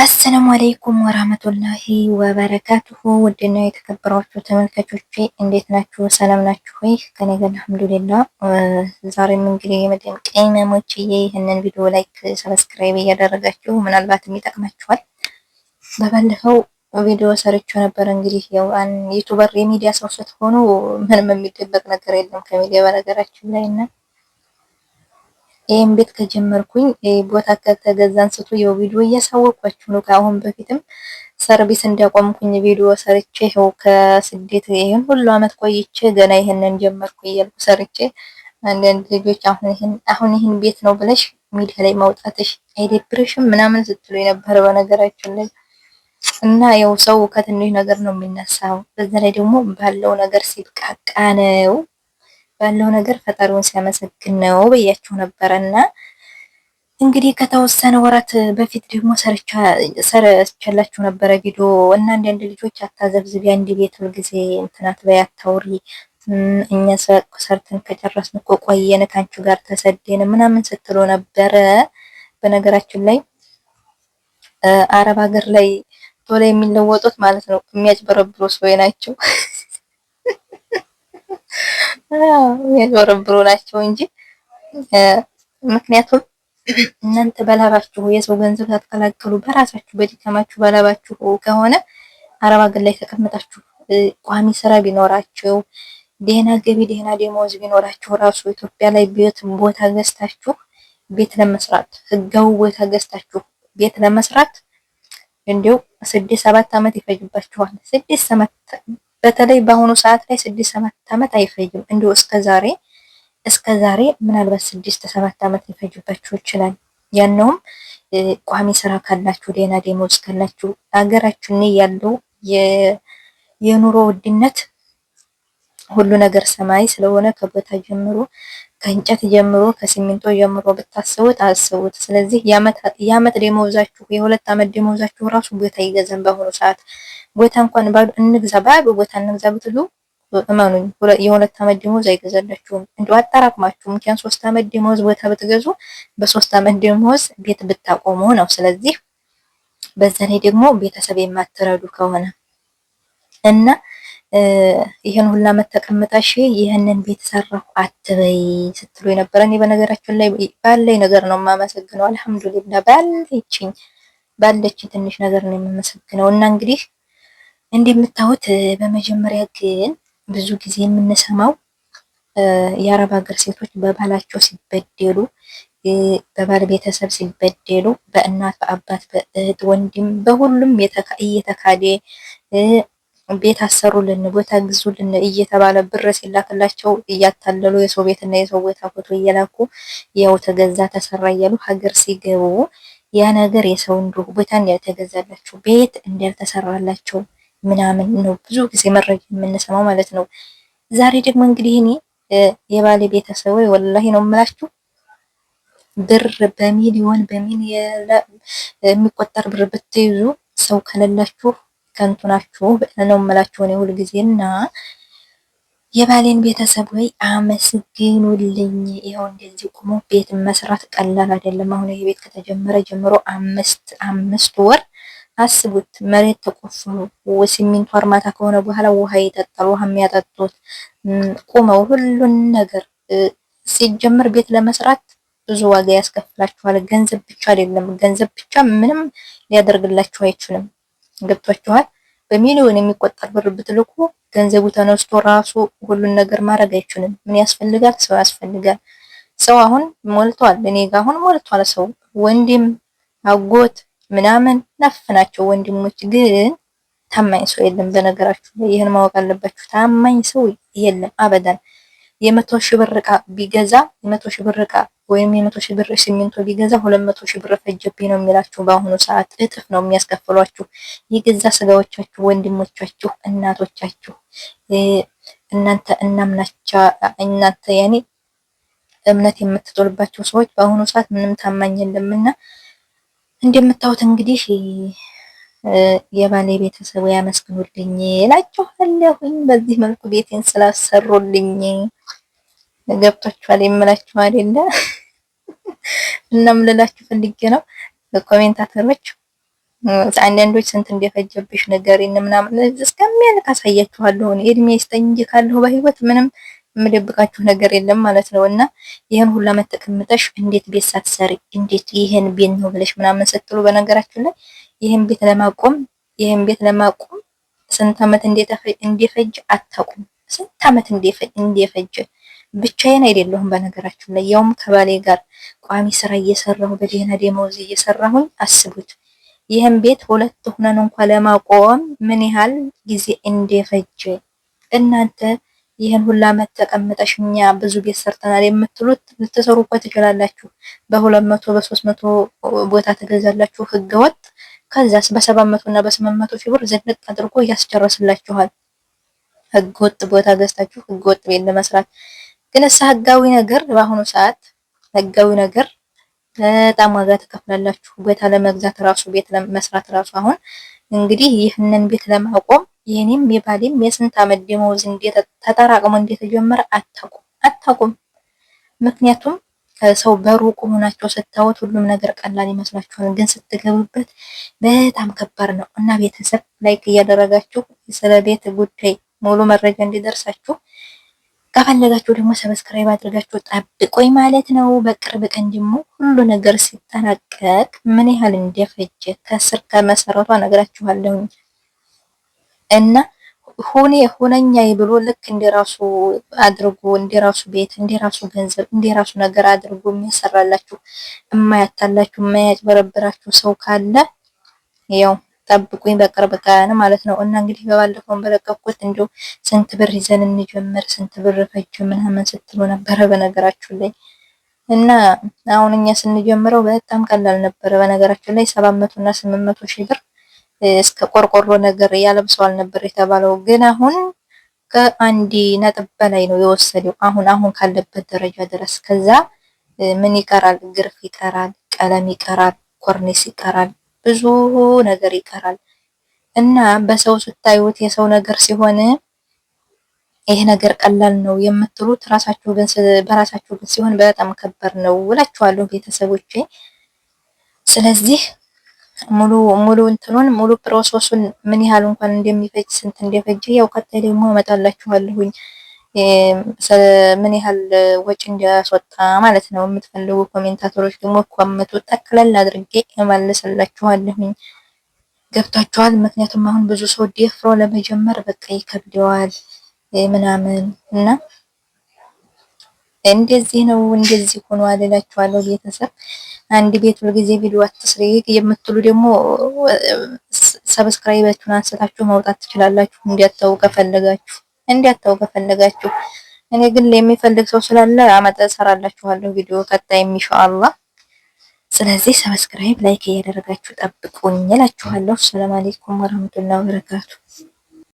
አሰላሙ አለይኩም ወራህመቱላሂ ወበረካቱሁ ውድና የተከበራችሁ ተመልካቾቼ እንዴት ናችሁ? ሰላም ናችሁ ወይ? ከኔ ጋር አልሐምዱሊላህ። ዛሬም እንግዲህ የመድም ቅመሞችዬ ይህንን ቪዲዮ ላይክ፣ ሰብስክራይብ እያደረጋችሁ ምናልባትም ይጠቅማችኋል። በባለፈው ቪዲዮ ሰርቼው ነበር። እንግዲህ ያው ዩቱበር የሚዲያ ሰው ስትሆኑ ምንም የሚደበቅ ነገር የለም ከሚዲያ በነገራችን ላይ እና ይህም ቤት ከጀመርኩኝ ቦታ ከተገዛ አንስቶ የው ቪዲዮ እያሳወቅኳችሁ ነው። ከአሁን በፊትም ሰርቪስ እንዲያቆምኩኝ ቪዲዮ ሰርቼ ይኸው ከስደት ይህን ሁሉ አመት ቆይቼ ገና ይህንን ጀመርኩ እያልኩ ሰርቼ አንዳንድ ልጆች አሁን ይህን ቤት ነው ብለሽ ሚዲያ ላይ ማውጣትሽ አይደብርሽም ምናምን ስትሉ የነበረ በነገራችን ላይ እና ያው ሰው ከትንሽ ነገር ነው የሚነሳው። በዛ ላይ ደግሞ ባለው ነገር ሲብቃቃ ነው ባለው ነገር ፈጣሪውን ሲያመሰግን ነው ብያችሁ ነበረና እንግዲህ ከተወሰነ ወራት በፊት ደግሞ ሰርቻላችሁ ነበረ ቪዲዮ እና አንዳንድ ልጆች አታዘብዝቢ፣ አንድ ቤት ሁልጊዜ እንትናት በይ አታውሪ፣ እኛ ሰርተን ከጨረስን እኮ ቆየን ከአንቺ ጋር ተሰደን ምናምን ስትሉ ነበረ። በነገራችን ላይ አረብ ሀገር ላይ ቶሎ የሚለወጡት ማለት ነው የሚያጭበረብሩ ሰው ናቸው። የዞርብሩ ናቸው እንጂ ምክንያቱም እናንተ በላባችሁ የሰው ገንዘብ ሳትቀላቅሉ በራሳችሁ በድካማችሁ በላባችሁ ከሆነ አረብ ሀገር ላይ ተቀምጣችሁ ቋሚ ስራ ቢኖራችሁ ደህና ገቢ ደህና ደሞዝ ቢኖራችሁ ራሱ ኢትዮጵያ ላይ ቤት ቦታ ገዝታችሁ ቤት ለመስራት ህጋዊ ቦታ ገዝታችሁ ቤት ለመስራት እንዲሁ ስድስት ሰባት አመት ይፈጅባችኋል። ስድስት በተለይ በአሁኑ ሰዓት ላይ ስድስት ሰባት ዓመት አይፈጅም። እንዲሁ እስከ ዛሬ ምናልባት ስድስት ሰባት ዓመት ሊፈጅባችሁ ይችላል። ያነውም ቋሚ ስራ ካላችሁ፣ ደህና ደሞዝ ካላችሁ፣ ሀገራችን ያለው የኑሮ ውድነት ሁሉ ነገር ሰማይ ስለሆነ ከቦታ ጀምሮ ከእንጨት ጀምሮ ከሲሚንቶ ጀምሮ ብታስቡት አስቡት። ስለዚህ የአመት ደመወዛችሁ የሁለት አመት ደመወዛችሁ ራሱ ቦታ ይገዛን። በአሁኑ ሰዓት ቦታ እንኳን ባዶ እንግዛ ባዶ ቦታ እንግዛ ብትሉ እመኑኝ የሁለት አመት ደመወዝ አይገዛላችሁም። እንደው አጠራቅማችሁ እንኳን ሶስት አመት ደመወዝ ቦታ ብትገዙ በሶስት አመት ደመወዝ ቤት ብታቆሙ ነው። ስለዚህ በዛ ላይ ደግሞ ቤተሰብ የማትረዱ ከሆነ እና ይህን ሁላ መተቀምጠሽ ይህንን ቤት ሰራሁ አትበይ ስትሉ የነበረ እኔ በነገራችን ላይ ባለኝ ነገር ነው የማመሰግነው። አልሐምዱሊላ ባለችኝ ባለችኝ ትንሽ ነገር ነው የማመሰግነው። እና እንግዲህ እንደምታዩት በመጀመሪያ ግን ብዙ ጊዜ የምንሰማው የአረብ ሀገር ሴቶች በባላቸው ሲበደሉ በባል ቤተሰብ ሲበደሉ በእናት በአባት በእህት ወንድም በሁሉም እየተካደ ቤት አሰሩልን፣ ቦታ ግዙልን እየተባለ ብር ሲላክላቸው እያታለሉ የሰው ቤትና የሰው ቦታ ፎቶ እየላኩ ያው ተገዛ ተሰራ እያሉ ሀገር ሲገቡ ያ ነገር የሰው እንዲሁ ቦታ እንዳልተገዛላቸው ቤት እንዳልተሰራላቸው ምናምን ነው ብዙ ጊዜ መረጃ የምንሰማው ማለት ነው። ዛሬ ደግሞ እንግዲህ እኔ የባሌ ቤተሰብ ወላሂ ነው የምላችሁ ብር በሚሊዮን በሚሊየን የሚቆጠር ብር ብትይዙ ሰው ከሌላችሁ ከንቱ ናችሁ ነው የምላችሁ እኔ ሁልጊዜ እና የባሌን ቤተሰብ ወይ አመስግኑልኝ። ይኸው እንደዚህ ቁሞ ቤት መስራት ቀላል አይደለም። አሁን ቤት ከተጀመረ ጀምሮ አምስት አምስት ወር አስቡት። መሬት ተቆፍሮ ሲሚንቶ አርማታ ከሆነ በኋላ ውሃ ይጠጣል። ውሃ የሚያጠጡት ቁመው ሁሉን ነገር ሲጀምር ቤት ለመስራት ብዙ ዋጋ ያስከፍላችኋል። ገንዘብ ብቻ አይደለም፣ ገንዘብ ብቻ ምንም ሊያደርግላችሁ አይችልም። ገብቷችኋል? በሚሊዮን የሚቆጠር ብር ብትልኩ ገንዘቡ ተነስቶ ራሱ ሁሉን ነገር ማድረግ አይችልም። ምን ያስፈልጋል? ሰው ያስፈልጋል። ሰው አሁን ሞልቷል። እኔ ጋር አሁን ሞልቷል ሰው ወንድም፣ አጎት ምናምን ነፍናቸው ወንድሞች፣ ግን ታማኝ ሰው የለም። በነገራችሁ ላይ ይህን ማወቅ አለባችሁ። ታማኝ ሰው የለም አበዳን። የመቶ ሺህ ብር ቢገዛ የመቶ ሺህ ብር ወይም የመቶ ሺህ ብር ሲሚንቶ ቢገዛ ሁለት መቶ ሺህ ብር ፈጀብኝ ነው የሚላችሁ። በአሁኑ ሰዓት እጥፍ ነው የሚያስከፍሏችሁ። የገዛ ስጋዎቻችሁ፣ ወንድሞቻችሁ፣ እናቶቻችሁ እናንተ እናምናቻ እናንተ ያኔ እምነት የምትጥልባቸው ሰዎች በአሁኑ ሰዓት ምንም ታማኝ የለምና እንደምታዩት እንግዲህ የባሌ ቤተሰብ ያመስግኑልኝ እላችኋለሁኝ። በዚህ መልኩ ቤቴን ስላሰሩልኝ ገብቷችኋል የምላችሁ አይደለ? እና ምልላችሁ ፈልጌ ነው ኮሜንታተሮች አንዳንዶች ስንት እንደፈጀብሽ ነገር ንገሪን ምናምን እስከሚያልቅ አሳያችኋለሁ። እኔ እድሜ ይስጠኝ እንጂ ካለሁ በህይወት ምንም የምደብቃችሁ ነገር የለም ማለት ነው። እና ይህን ሁላ መተቀምጠሽ እንዴት ቤት ሳትሰሪ እንዴት ይህን ቤት ነው ብለሽ ምናምን ስትሉ፣ በነገራችን ላይ ይህን ቤት ለማቆም ይህን ቤት ለማቆም ስንት ዓመት እንደፈጀ አታውቁም። ስንት ዓመት እንደፈጀ ብቻዬን አይደለሁም። በነገራችን ላይ ያውም ከባሌ ጋር ቋሚ ስራ እየሰራሁ በደህና ደመወዝ እየሰራሁኝ አስቡት። ይህም ቤት ሁለት ሆነን እንኳ ለማቆም ምን ያህል ጊዜ እንደፈጀ እናንተ ይህን ሁላ መተቀምጠሽ እኛ ብዙ ቤት ሰርተናል የምትሉት ልትሰሩበት ትችላላችሁ። በሁለት መቶ በሶስት መቶ ቦታ ትገዛላችሁ ህገወጥ። ከዛስ በሰባት መቶ እና በስምንት መቶ ሺህ ብር ዝንጥ አድርጎ እያስጨረስላችኋል። ህገወጥ ቦታ ገዝታችሁ ህገወጥ ቤት ለመስራት ግን እሳ ህጋዊ ነገር በአሁኑ ሰዓት ህጋዊ ነገር በጣም ዋጋ ተከፍላላችሁ። ቦታ ለመግዛት ራሱ ቤት ለመስራት ራሱ አሁን እንግዲህ ይህንን ቤት ለማቆም የኔም የባሌም የስንት አመት ደመወዝ እንዴት ተጠራቅሞ እንደተጀመረ አታቁም አታቁም። ምክንያቱም ከሰው በሩቁ ሆናቸው ስታወት ሁሉም ነገር ቀላል ይመስላችኋል፣ ግን ስትገቡበት በጣም ከባድ ነው እና ቤተሰብ ላይክ እያደረጋችሁ ስለ ቤት ጉዳይ ሙሉ መረጃ እንዲደርሳችሁ ከፈለጋችሁ ደግሞ ሰብስክራይብ አድርጋችሁ ጠብቆኝ ማለት ነው። በቅርብ ቀን ደግሞ ሁሉ ነገር ሲጠናቀቅ ምን ያህል እንደፈጀ ከስር ከመሰረቷ ነግራችኋለሁ እና ሁኔ ሁነኛ ብሎ ልክ እንደራሱ አድርጎ እንደራሱ ቤት እንደራሱ ገንዘብ እንደራሱ ነገር አድርጎ የሚያሰራላችሁ የማያታላችሁ የማያጭበረብራችሁ ሰው ካለ ያው ጠብቁኝ በቅርብ ቀን ማለት ነው። እና እንግዲህ በባለፈውን በለቀኩት እንዲሁ ስንት ብር ይዘን እንጀምር ስንት ብር ፈጁ ምናምን ስትሉ ነበረ በነገራችሁ ላይ እና አሁን እኛ ስንጀምረው በጣም ቀላል ነበረ በነገራችሁ ላይ ሰባት መቶ እና ስምንት መቶ ሺህ ብር እስከ ቆርቆሮ ነገር ያለብሰዋል ነበር የተባለው ግን አሁን ከአንድ ነጥብ በላይ ነው የወሰደው አሁን አሁን ካለበት ደረጃ ድረስ ከዛ ምን ይቀራል ግርፍ ይቀራል ቀለም ይቀራል ኮርኒስ ይቀራል ብዙ ነገር ይቀራል እና በሰው ስታዩት የሰው ነገር ሲሆን ይሄ ነገር ቀላል ነው የምትሉት ራሳችሁ ግን በራሳችሁ ግን ሲሆን በጣም ከባድ ነው እላችኋለሁ ቤተሰቦቼ። ስለዚህ ሙሉ ሙሉ እንትኑን ሙሉ ፕሮሰሱን ምን ያህል እንኳን እንደሚፈጅ ስንት እንደፈጀ ያው ቀጣይ ደግሞ አመጣላችኋለሁኝ። ምን ያህል ወጪ እንዲያስወጣ ማለት ነው። የምትፈልጉ ኮሜንታተሮች ደግሞ ኮመቱ ጠቅለል አድርጌ እመልስላችኋለሁኝ። ገብታችኋል? ምክንያቱም አሁን ብዙ ሰው ደፍሮ ለመጀመር በቃ ይከብደዋል ምናምን እና እንደዚህ ነው እንደዚህ ሆኖ እላችኋለሁ። ቤተሰብ አንድ ቤት ሁልጊዜ ቪዲዮ አትስሪ የምትሉ ደግሞ ሰብስክራይባችሁን አንስታችሁ መውጣት ትችላላችሁ እንዲያታው ከፈለጋችሁ እንዲያታው ከፈለጋችሁ። እኔ ግን የሚፈልግ ሰው ስላለ አመጣ እሰራላችኋለሁ ቪዲዮ ከታይ ኢንሻአላህ። ስለዚህ ሰብስክራይብ፣ ላይክ እያደረጋችሁ ጠብቁኝ እላችኋለሁ። ሰላም አለይኩም ወራህመቱላሂ ወበረካቱ።